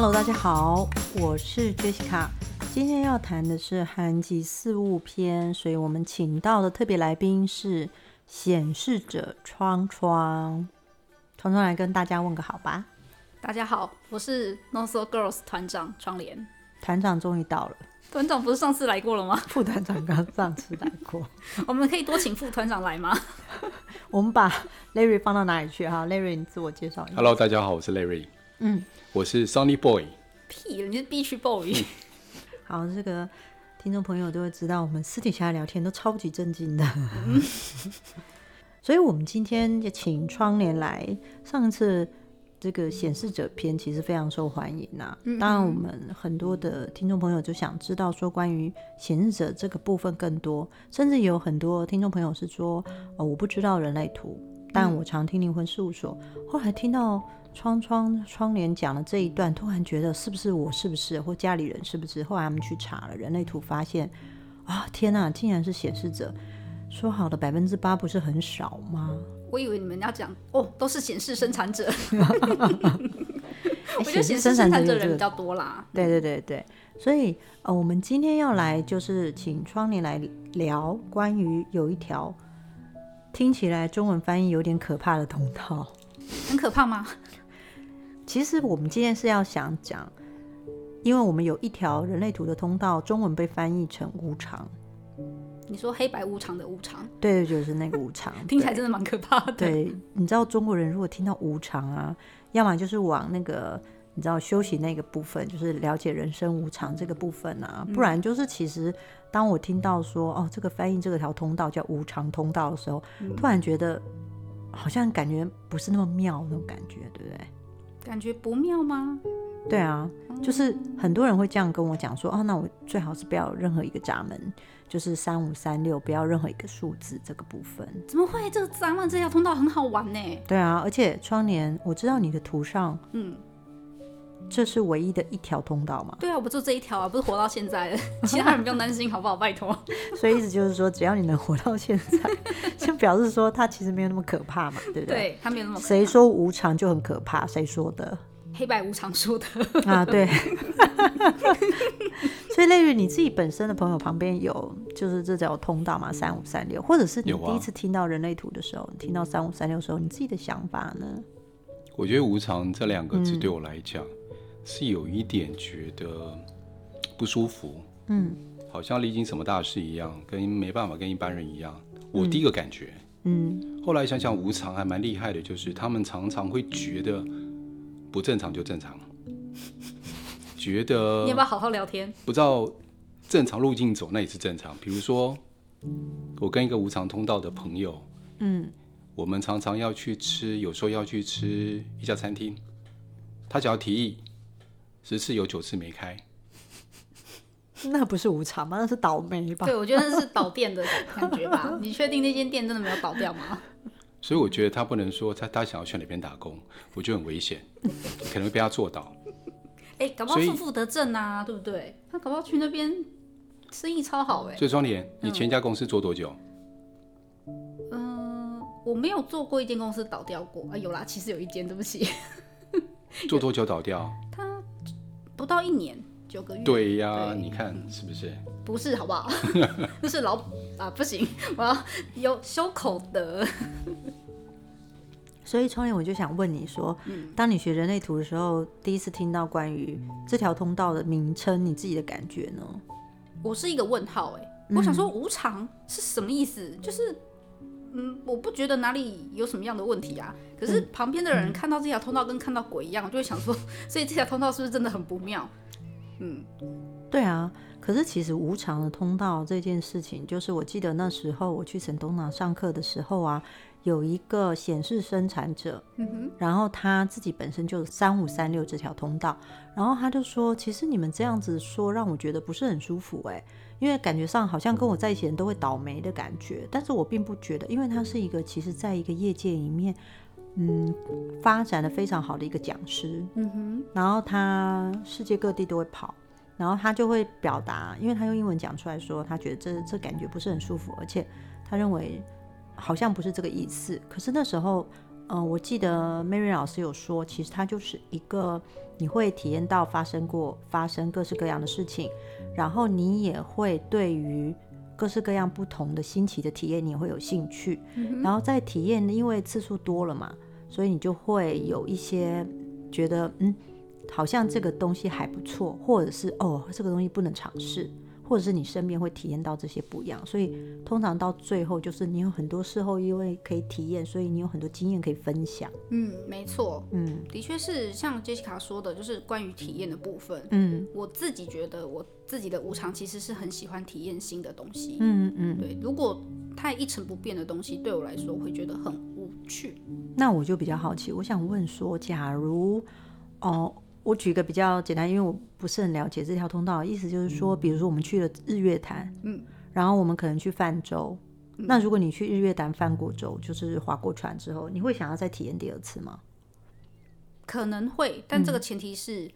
Hello，大家好，我是 Jessica。今天要談的是憨吉四物篇，所以我們請到的特別來賓是顯示者窗窗。窗窗來跟大家問個好吧。大家好，我是 No So Girls 團長窗簾。團長終於到了。團長不是上次來過了嗎？副團長剛剛上次來過。 我們可以多請副團長來嗎？ 我們把 Larry 放到哪裡去哈？Larry，你自我介紹一下。Hello，大家好，我是 Larry。嗯，我是 Sony Boy。屁人，你是必須 Boy、嗯。好，這個聽眾朋友都會知道，我們私底下聊天都超級震驚的、嗯。所以，我們今天就請窗簾來。上次這個顯示者篇其實非常受歡迎啊。嗯、當然，我們很多的聽眾朋友就想知道說，關於顯示者這個部分更多。甚至有很多聽眾朋友是說、呃：“我不知道人類圖，但我常聽靈魂事務所。”後來聽到。窗窗窗簾講了這一段，突然覺得是不是我是不是或家裡人是不是？後來他們去查了人類圖，發現啊、哦、天哪，竟然是顯示者。說好的百分之八不是很少嗎？我以為你們要講哦，都是顯示生產者。 我覺得顯示生產者的人比較多啦、欸。對對對對，所以呃，我們今天要來就是請窗簾來聊關於有一條聽起來中文翻譯有點可怕的通道，很可怕嗎？其實我們今天是要想講，因為我們有一條人類圖的通道，中文被翻譯成無常。你說黑白無常的無常？對對，就是那個無常， 聽起來真的蠻可怕的。對，你知道中國人如果聽到無常啊，要麼就是往那個你知道修行那個部分，就是了解人生無常這個部分啊，不然就是其實當我聽到說、嗯、哦，這個翻譯這個條通道叫無常通道的時候，突然覺得、嗯、好像感覺不是那麼妙的那種感覺，對不對？感覺不妙嗎？對啊，就是很多人會這樣跟我講說，啊、哦，那我最好是不要有任何一個閘門，就是三五三六不要任何一個數字這個部分。怎麼會？這個閘門這條通道很好玩呢。對啊，而且窗簾，我知道你的圖上，嗯。這是唯一的一條通道嘛？對啊，我不做這一條啊，不是活到現在，其他人不用擔心， 好不好？拜託。所以意思就是說，只要你能活到現在，就表示說它其實沒有那麼可怕嘛，對不對？對，它沒有那麼可怕……誰說無常就很可怕？誰說的？黑白無常說的啊？對。 所以，例如你自己本身的朋友旁邊有，就是這條通道嘛，三五三六，或者是你第一次聽到人類圖的時候，啊、你聽到三五三六的時候，你自己的想法呢？我覺得無常這兩個字對我來講。嗯是有一點覺得不舒服，嗯，好像歷經什麼大事一樣，跟沒辦法跟一般人一樣。我第一個感覺，嗯，嗯，後來想想無常還蠻厲害的，就是他們常常會覺得不正常就正常， 覺得你要不要好好聊天？不知道正常路徑走那也是正常。比如說我跟一個無常通道的朋友，嗯，我們常常要去吃，有時候要去吃一家餐廳，他只要提議。十次有九次沒開， 那不是無常嗎？那是倒霉吧？對，我覺得那是倒店的感覺吧。 你確定那間店真的沒有倒掉嗎？ 所以我覺得他不能說他他想要去哪邊打工，我覺得很危險，可能會被他做到。哎、 欸，搞不好負負得正啊，對不對？他搞不好去那邊生意超好哎、嗯。所以窗簾，你前一家公司做多久？嗯，呃、我沒有做過一間公司倒掉過啊、哎。有啦，其實有一間，對不起。 做多久倒掉？不到一年九個月。對呀，對，你看是不是？不是好不好？就 是老啊，不行，我要有修口德。 所以窗簾，我就想問你說、嗯，當你學人類圖的時候，第一次聽到關於這條通道的名稱，你自己的感覺呢？我是一個問號哎、嗯，我想說無常是什麼意思？就是。嗯，我不覺得哪裡有什麼樣的問題啊。可是旁邊的人看到這條通道跟看到鬼一樣，我、嗯嗯、就會想說，所以這條通道是不是真的很不妙？嗯，對啊。可是其實無常的通道這件事情，就是我記得那時候我去神東拿上課的時候啊，有一個顯示生產者、嗯，然後他自己本身就三五三六這條通道，然後他就說，其實你們這樣子說讓我覺得不是很舒服哎、欸。因為感覺上好像跟我在一起人都會倒霉的感覺，但是我並不覺得，因為他是一個其實在一個業界裡面，嗯，發展的非常好的一個講師，嗯哼，然後他世界各地都會跑，然後他就會表達，因為他用英文講出來說，他覺得這這感覺不是很舒服，而且他認為好像不是這個意思。可是那時候，嗯、呃，我記得 Mary 老師有說，其實他就是一個你會體驗到發生過發生各式各樣的事情。然後你也會對於各式各樣不同的新奇的體驗，你也會有興趣。然後在體驗，因為次數多了嘛，所以你就會有一些覺得，嗯，好像這個東西還不錯，或者是哦，這個東西不能嘗試。或者是你身邊會體驗到這些不一樣，所以通常到最後就是你有很多時候，因為可以體驗，所以你有很多經驗可以分享。嗯，沒錯，嗯，的確是像 Jessica 說的，就是關於體驗的部分。嗯，我自己覺得我自己的無常其實是很喜歡體驗新的東西。嗯嗯對，如果太一成不變的東西，對我來說，我會覺得很無趣。那我就比較好奇，我想問說，假如，哦。我舉一個比較簡單，因為我不是很了解這條通道。意思就是說、嗯，比如說我們去了日月潭，嗯，然後我們可能去泛舟、嗯。那如果你去日月潭泛過舟，就是划過船之後，你會想要再體驗第二次嗎？可能會，但這個前提是、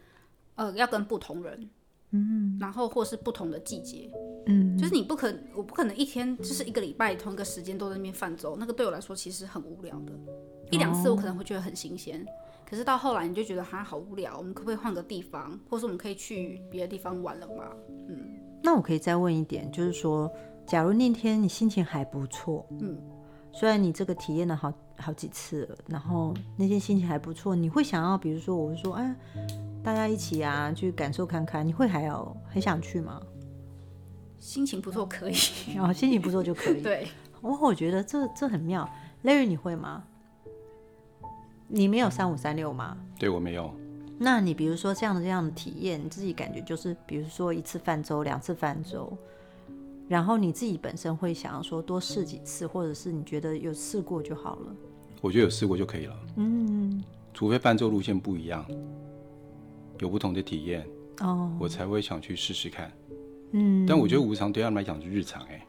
嗯，呃，要跟不同人，嗯，然後或是不同的季節，嗯，就是你不可，我不可能一天就是一個禮拜同一個時間都在那邊泛舟。那個對我來說其實很無聊的，哦、一兩次我可能會覺得很新鮮。可是到後來你就覺得還好無聊，我們可不可以換個地方，或者說我們可以去別的地方玩了嘛？嗯，那我可以再問一點，就是說，假如那天你心情還不錯，嗯，雖然你這個體驗了好好幾次，然後那天心情還不錯，你會想要，比如說我說，哎，大家一起啊去感受看看，你會還有很想去嗎？心情不錯可以，然 後、哦、心情不錯就可以。對，我、哦、我覺得這這很妙 Larry，你會嗎？你沒有三五三六嗎？嗯、對，我沒有。那你比如說這樣的這樣的體驗，你自己感覺就是，比如說一次泛舟，兩次泛舟，然後你自己本身會想要說多試幾次，或者是你覺得有試過就好了。我覺得有試過就可以了。嗯，嗯，嗯。除非泛舟路線不一樣，有不同的體驗哦，我才會想去試試看。嗯。但我覺得無常對他們來講是日常哎、欸，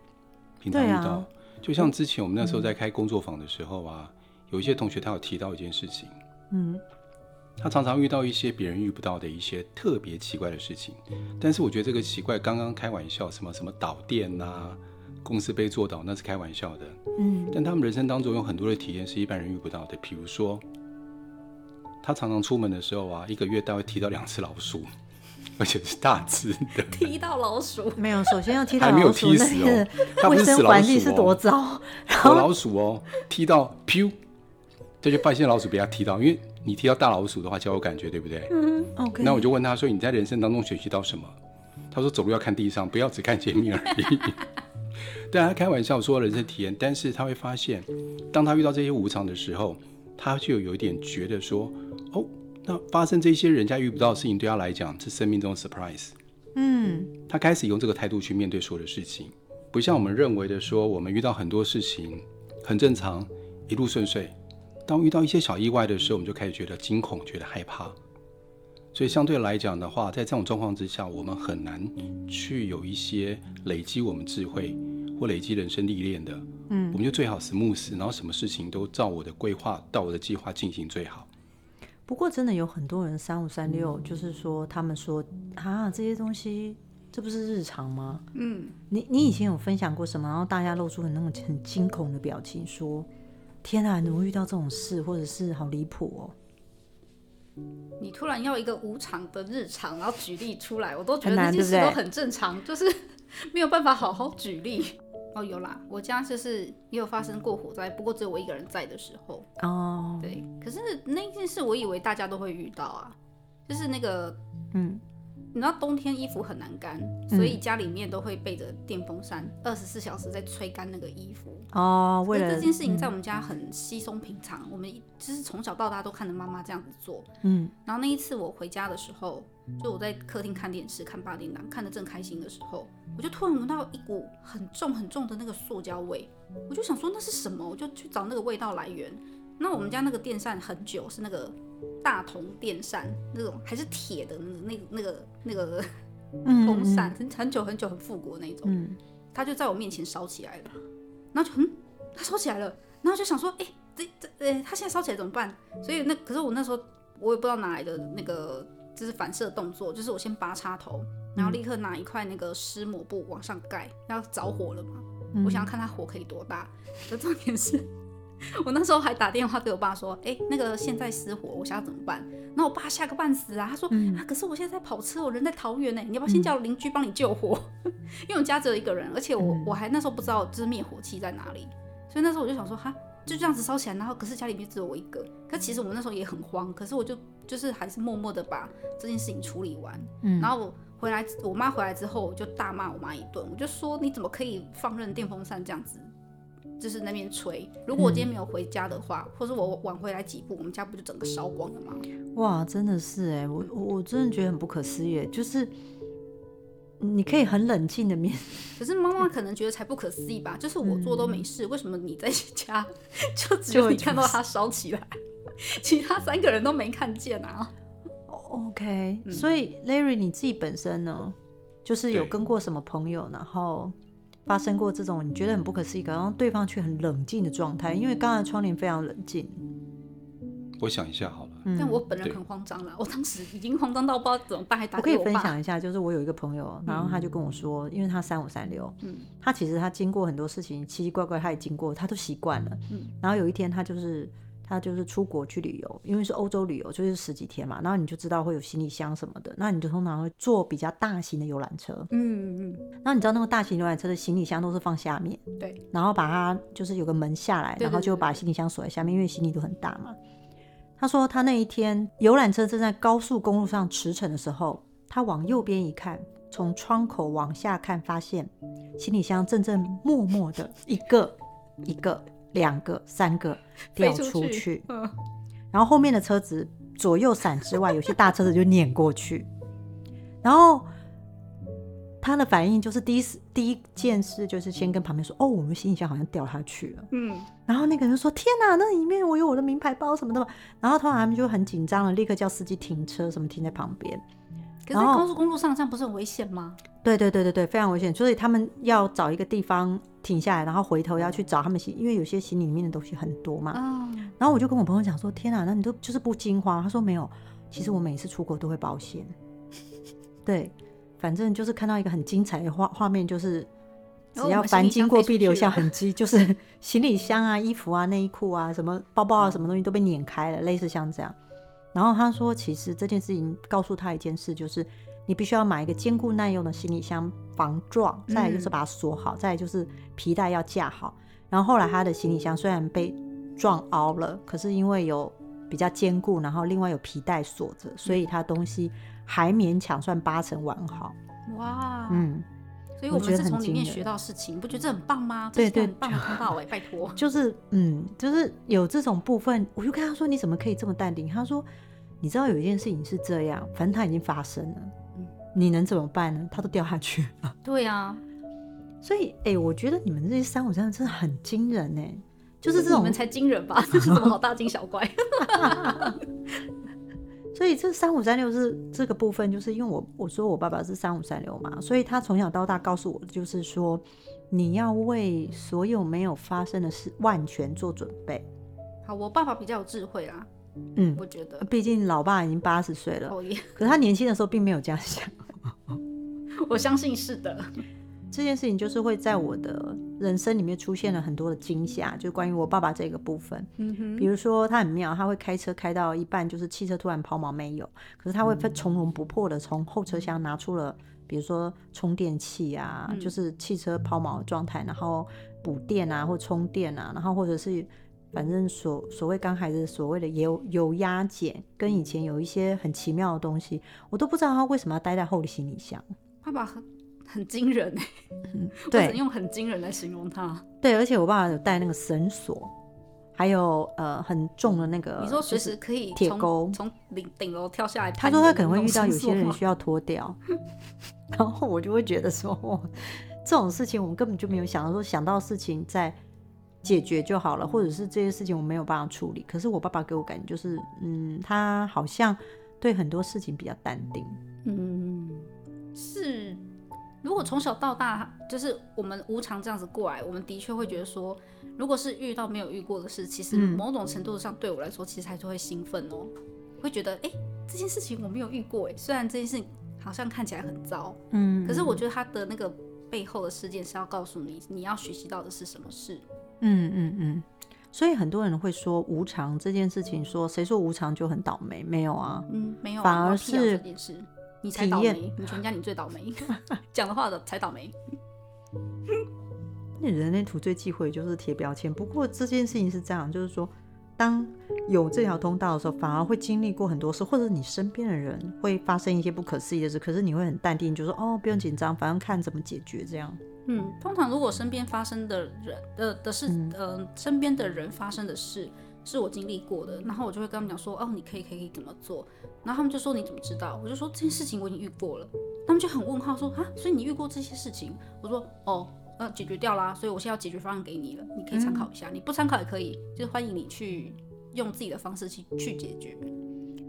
平常遇到、啊，就像之前我們那時候在開工作坊的時候啊。嗯嗯有一些同學他有提到一件事情，嗯，他常常遇到一些別人遇不到的一些特別奇怪的事情，但是我覺得這個奇怪剛剛開玩笑什，什麼什麼導電吶，公司被做倒那是開玩笑的，嗯，但他們人生當中有很多的體驗是一般人遇不到的，比如說，他常常出門的時候啊，一個月大概踢到兩次老鼠，而且是大只的，踢到老鼠沒有？首先要踢到還沒有踢死哦，他衛生環境是多糟，然後有老鼠哦，踢到，他就發現老鼠被他踢到，因為你踢到大老鼠的話，就有感覺，對不對？嗯，OK、哦。那我就問他說：“你在人生當中學習到什麼？”他說：“走路要看地上，不要只看前面而已。 對”但他開玩笑說人生體驗。但是他會發現，當他遇到這些無常的時候，他就有一點覺得說：“哦，那發生這些人家遇不到的事情，對他來講是生命中的 surprise。”嗯，他開始用這個態度去面對所有的事情，不像我們認為的說，我們遇到很多事情很正常，一路順遂。當遇到一些小意外的時候，我們就開始覺得驚恐，覺得害怕。所以相對來講的話，在這種狀況之下，我們很難去有一些累積我們智慧或累積人生歷練的。嗯，我們就最好 smooth，然後什麼事情都照我的規劃、照我的計劃進行最好。不過真的有很多人三五三六，就是說他們說啊，這些東西，這不是日常嗎？嗯，你你以前有分享過什麼？然後大家露出那種很驚恐的表情說。天啊，你很容易遇到這種事，嗯、或者是好離譜哦！你突然要一個無常的日常，然後舉例出來， 我都覺得那件事都很正常， 就是沒有辦法好好舉例。哦，有啦，我家就是也有發生過火災、嗯，不過只有我一個人在的時候哦。對，可是那件事，我以為大家都會遇到啊，就是那個，嗯，你知道冬天衣服很難乾，所以家裡面都會備着電風扇，二十四小時在吹乾那個衣服。哦，為了這件事情在我們家很稀鬆平常、嗯，我們就是從小到大都看着媽媽這樣子做，嗯，然後那一次我回家的時候，就我在客廳看電視，看八點檔，看得正開心的時候，我就突然聞到一股很重很重的那個塑膠味，我就想說那是什麼？我就去找那個味道來源。那我們家那個電扇很久是那個大同電扇那種，還是鐵的那個那，那個那個風扇嗯嗯嗯，很久很久很復古的那種、嗯，它就在我面前燒起來了。然後就嗯，它燒起來了，然後就想說，哎，這這呃，它現在燒起來怎麼辦？所以那，可是我那時候我也不知道哪來的那個就是反射的動作，就是我先拔插頭，然後立刻拿一塊那個濕抹布往上蓋，要着火了嘛，嗯、我想要看它火可以多大。這重點是。我那時候還打電話對我爸說，哎、欸，那個現在失火，我想要怎麼辦？然後我爸嚇個半死啊，他說啊，可是我現在在跑車，我人在桃園呢，你要不要先叫鄰居幫你救火？ 因為我家只有一個人，而且我我還那時候不知道就是滅火器在哪裡，所以那時候我就想說哈，就這樣子燒起來，然後可是家裡面只有我一個，可其實我那時候也很慌，可是我就就是還是默默的把這件事情處理完，然後回來，我媽回來之後我就大罵我媽一頓，我就說，你怎麼可以放任電風扇這樣子？就是那邊吹，如果我今天沒有回家的話，嗯、或者我晚回來幾步，我們家不就整個燒光了嗎？哇，真的是哎，我、嗯、我真的覺得很不可思議，就是你可以很冷靜的面。可是媽媽可能覺得才不可思議吧，就是我做都沒事，嗯、為什麼你在家、嗯、 就只有你看到它燒起來，就是、 其他三個人都沒看見啊？OK，、嗯、所以 Larry 你自己本身呢，就是有跟過什麼朋友，嗯、然後？發生過這種你覺得很不可思議、嗯，然後對方卻很冷靜的狀態，嗯、因為剛才窗簾非常冷靜。我想一下好了，嗯、但我本人很慌張了，我當時已經慌張到不知道怎麼辦，還打。我可以分享一下，就是我有一個朋友，然後他就跟我說，嗯、因為他三五三六，他其實他經過很多事情，奇奇怪怪他也經過，他都習慣了，嗯、然後有一天他就是。他就是出國去旅遊，因為是歐洲旅遊，就是十幾天嘛，然後你就知道會有行李箱什麼的，那你就通常會坐比較大型的遊覽車。嗯，嗯嗯。然後你知道那個大型遊覽車的行李箱都是放下面，對。然後把它就是有個門下來，然後就把行李箱鎖在下面，對對對對，因為行李都很大嘛。他說他那一天遊覽車正在高速公路上馳騁的時候，他往右邊一看，從窗口往下看，發現行李箱正正默默的一個 一個。兩個、三個掉出去，飛出去、嗯，然後後面的車子左右閃之外， 有些大車子就碾過去。然後他的反應就是第一第一件事就是先跟旁邊說：“嗯、哦，我們行李箱好像掉下去了。”嗯，然後那個人說：“天哪，那裡面我有我的名牌包什麼的嘛。”然後突然他們就很緊張了，立刻叫司機停車，什麼停在旁邊。然後可是高速公，公路上這樣不是很危險嗎？對對對對對，非常危險。所以他們要找一個地方。停下來，然後回頭要去找他們行，因為有些行李裡面的東西很多嘛。Oh. 然後我就跟我朋友講說：“天啊，那你都就是不驚慌’。他說：“沒有，其實我每次出國都會保險。Oh. ”對，反正就是看到一個很精彩的畫畫面，就是只要凡經過必留下痕跡，oh. 就是行李箱啊、衣服啊、內衣褲啊、什麼包包啊、什麼東西都被碾開了，oh. 類似像這樣。然後他說：“其實這件事情告訴他一件事，就是。”你必須要買一個堅固耐用的行李箱，防撞；再來就是把它鎖好；嗯、再來就是皮帶要架好。然後後來他的行李箱雖然被撞凹了，可是因為有比較堅固，然後另外有皮帶鎖着，所以他東西還勉強算八成完好。哇，嗯，所以我們是從裡面學到事情，面學到事情，你不覺得這很棒嗎？這棒嗎？對，對對，很棒的通道哎，拜托。就是 嗯，就是有這種部分，我就跟他說：“你怎麼可以這麼淡定？”他說：“你知道有一件事情是這樣，反正它已經發生了。”你能怎麼辦呢？他都掉下去了。對呀、啊，所以哎、欸，我覺得你們這些三五三六真的很驚人呢，就是這種我們才驚人吧？這 是怎麼好大驚小怪？ 所以這三五三六是這個部分，就是因為我我說我爸爸是三五三六嘛，所以他從小到大告訴我，就是說你要為所有沒有發生的事萬全做準備。好，我爸爸比較有智慧啊，嗯，我覺得，畢竟老爸已經八十歲了，oh, yeah. 可他年輕的時候並沒有這樣想。 我相信是的，這件事情就是會在我的人生裡面出現了很多的驚嚇，就關於我爸爸這個部分。嗯哼，比如說他很妙，他會開車開到一半，就是汽車突然拋錨沒有，可是他會從容不迫地從後車廂拿出了，比如說充電器啊，嗯、就是汽車拋錨的狀態，然後補電啊或充電啊，然後或者是。反正所所謂剛才是所謂的油油壓剪，跟以前有一些很奇妙的東西，嗯、我都不知道他為什麼要待在後的行李箱。爸爸很很驚人哎、嗯，對，用很驚人來形容他。對，而且我爸爸有帶那個繩索，還有呃很重的那個，你說隨時可以鐵鈎從頂頂樓跳下來。他說他可能會遇到有些人需要脫掉，嗯嗯、脫掉 然後我就會覺得說，這種事情我們根本就沒有想到說，說想到事情在。解決就好了，或者是這些事情我沒有辦法處理。可是我爸爸給我感覺就是，嗯，他好像對很多事情比較淡定。嗯，是，如果從小到大就是我們無常這樣子過來，我們的確會覺得說，如果是遇到沒有遇過的事，其實某種程度上、嗯、對我來說，其實還是會興奮哦，會覺得哎、欸，這件事情我沒有遇過，哎，雖然這件事好像看起來很糟，嗯，可是我覺得他的那個背後的事件是要告訴你，你要學習到的是什麼事。嗯嗯嗯，所以很多人會說無常這件事情，說誰說無常就很倒霉？沒有啊，嗯，沒有、啊，反而是你才倒霉，你全家你最倒霉，講的話的才倒霉。那人類圖最忌諱就是貼標籤。不過這件事情是這樣，就是說，當有這條通道的時候，反而會經歷過很多事，或者你身邊的人會發生一些不可思議的事，可是你會很淡定，就說、是、哦，不用緊張，反正看怎麼解決這樣。嗯，通常如果身邊發生的人的、呃、的事，嗯、呃，身邊的人發生的事是我經歷過的，然後我就會跟他們講說，哦，你可以可以怎麼做，然後他們就說你怎麼知道？我就說這件事情我已經遇過了，他們就很問號說啊，所以你遇過這些事情？我說哦，呃、啊，解決掉啦，所以我現在要解決方案給你了，你可以參考一下，嗯、你不參考也可以，就是歡迎你去用自己的方式去去解決。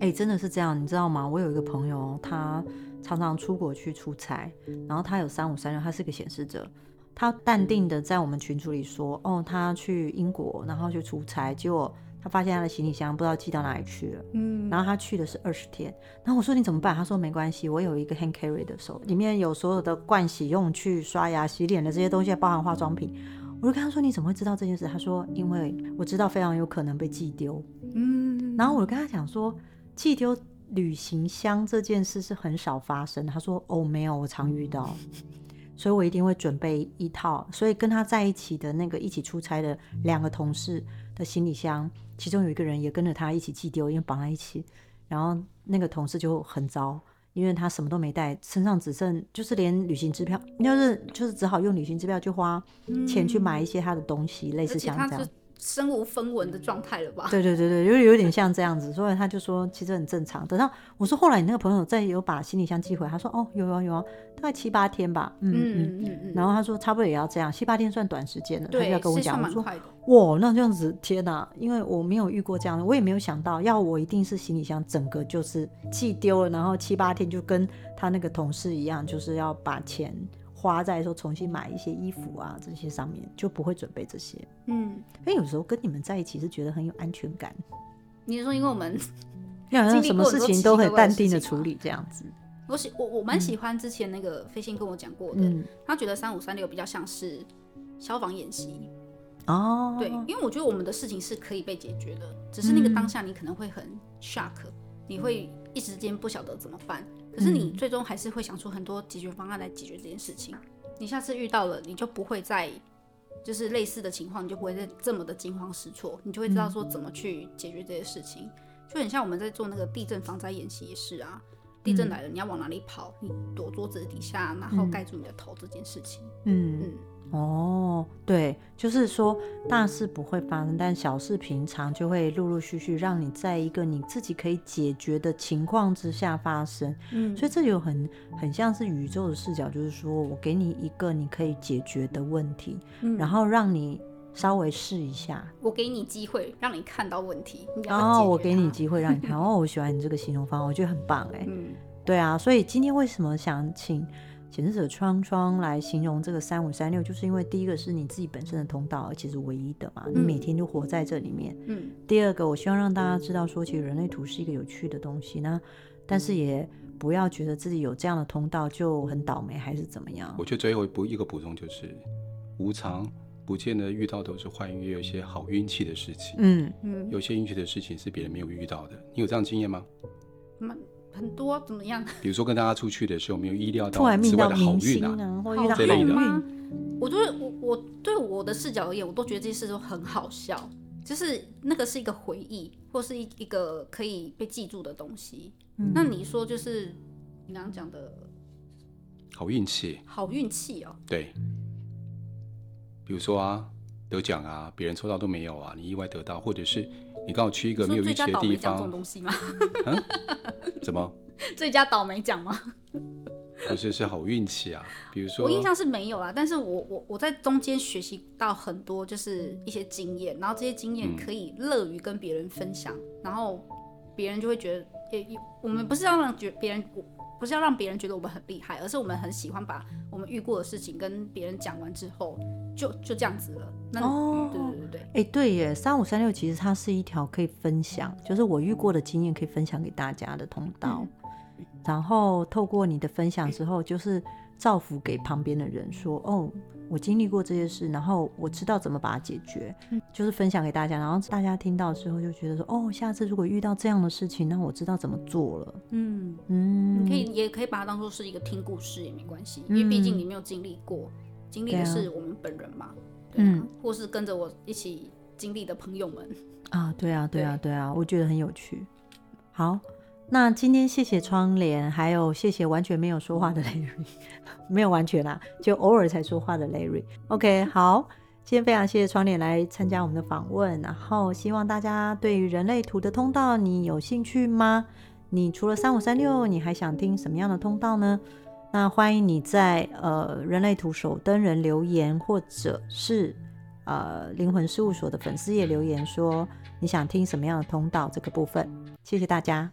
哎、欸，真的是這樣，你知道嗎？我有一個朋友，他。常常出國去出差，然後他有三五三六，他是個顯示者，他淡定的在我們群組裡說，哦，他去英國，然後去出差，結果他發現他的行李箱不知道寄到哪裡去了，嗯，然後他去的是二十天，然後我說你怎麼辦？他說沒關係，我有一個 hand carry 的手，裡面有所有的盥洗用具、去刷牙、洗臉的這些東西，包含化妝品。我就跟他說你怎麼會知道這件事？他說因為我知道非常有可能被寄丟，嗯，然後我跟他講說寄丟。記旅行箱這件事是很少發生的。他說：“哦，沒有，我常遇到，所以我一定會準備一套。所以跟他在一起的那個一起出差的兩個同事的行李箱，其中有一個人也跟着他一起寄丟，因為綁在一起。然後那個同事就很糟，因為他什麼都沒帶，身上只剩就是連旅行支票，就是就是只好用旅行支票去花錢去買一些他的東西，嗯，類似像這樣。”身無分文的狀態了吧？對對對對，有有點像這樣子，所以他就說其實很正常。等到我說後來你那個朋友再有把行李箱寄回，他說，哦，有啊有啊，大概七八天吧，嗯嗯嗯，然後他說差不多也要這樣，七八天算短時間了。對，他就要跟我講，我說哇那這樣子天哪，啊，因為我沒有遇過這樣的，我也沒有想到要我一定是行李箱整個就是寄丟了，然後七八天就跟他那個同事一樣，就是要把錢。花在說重新買一些衣服啊，這些上面就不會準備這些。嗯，哎，有時候跟你們在一起是覺得很有安全感。你是說，因為我們， 你好像什麼事情都很淡定的處理，這樣子。嗯、我喜我我蠻喜歡之前那個飛信跟我講過的，嗯、他覺得三五三六比較像是消防演習哦。對，因為我覺得我們的事情是可以被解決的，嗯、只是那個當下你可能會很 shock，、嗯、你會一時間不曉得怎麼辦。可是你最終還是會想出很多解決方案來解決這件事情。你下次遇到了，你就不會再就是類似的情況，你就不會再這麼的驚慌失措，你就會知道說怎麼去解決這些事情。就很像我們在做那個地震防災演習也是啊，地震來了你要往哪裡跑？你躲桌子底下，然後蓋住你的頭這件事情。嗯嗯。哦，對，就是說大事不會發生，但小事平常就會陸陸續續讓你在一個你自己可以解決的情況之下發生。嗯，所以這有很很像是宇宙的視角，就是說我給你一個你可以解決的問題，嗯、然後讓你稍微試一下。我給你機會讓你看到問題你，然後我給你機會讓你看。 哦，我喜歡你這個形容方法，我覺得很棒哎、嗯。對啊，所以今天為什麼想請？顯示者窗窗來形容這個三五三六，就是因為第一個是你自己本身的通道，而且是唯一的嘛，你每天就活在這裡面。嗯。第二個，我希望讓大家知道說，其實人類圖是一個有趣的東西。那，但是也不要覺得自己有這樣的通道就很倒霉還是怎麼樣。我覺得最後一個補充就是，無常不見得遇到的都是壞運，也有一些好運氣的事情。嗯嗯。有些運氣的事情是別人沒有遇到的，你有這樣經驗嗎？嗯很多怎麼樣？比如說跟大家出去的時候，沒有意料到之外的好運啊，或者好運我都，就是我我對我的視角而言，我都覺得這些事都很好笑。就是那個是一個回憶，或是一一個可以被記住的東西。嗯。那你說就是你剛剛講的好運氣，好運氣哦。對，比如說啊，得獎啊，別人抽到都沒有啊，你意外得到，或者是。你剛好去一個沒有運氣的地方，最佳倒霉獎這種東西嗎？怎麼？最佳倒霉獎嗎？不是，是好運氣啊。比如說，我印象是沒有啊，但是我我我在中間學習到很多，就是一些經驗，然後這些經驗可以樂於跟別人分享，嗯、然後別人就會覺得，也、欸、我們不是要讓覺別人不是要讓別人覺得我們很厲害，而是我們很喜歡把我們遇過的事情跟別人講完之後，就就這樣子了。那對、哦嗯、對對對，哎、欸、對耶，三五三六其實它是一條可以分享、嗯，就是我遇過的經驗可以分享給大家的通道。嗯。然後透過你的分享之後，就是造福給旁邊的人說，說哦，我經歷過這些事，然後我知道怎麼把它解決，就是分享給大家，然後大家聽到之後就覺得說哦，下次如果遇到這樣的事情，那我知道怎麼做了。嗯嗯，你可以也可以把它當做是一個聽故事也沒關係，嗯，因為畢竟你沒有經歷過，經歷的是我們本人嘛，啊啊，嗯，或是跟着我一起經歷的朋友們啊，對啊對啊，對，對，啊對啊，我覺得很有趣。好。那今天謝謝窗簾，還有謝謝完全沒有說話的 Larry， 沒有完全啦，就偶爾才說話的 Larry。OK，好，今天非常謝謝窗簾來參加我們的訪問，然後希望大家對於人類圖的通道你有興趣嗎？你除了三五三六，你還想聽什麼樣的通道呢？那歡迎你在呃人類圖守燈人留言，或者是呃靈魂事務所的粉絲頁留言說，說你想聽什麼樣的通道這個部分。謝謝大家。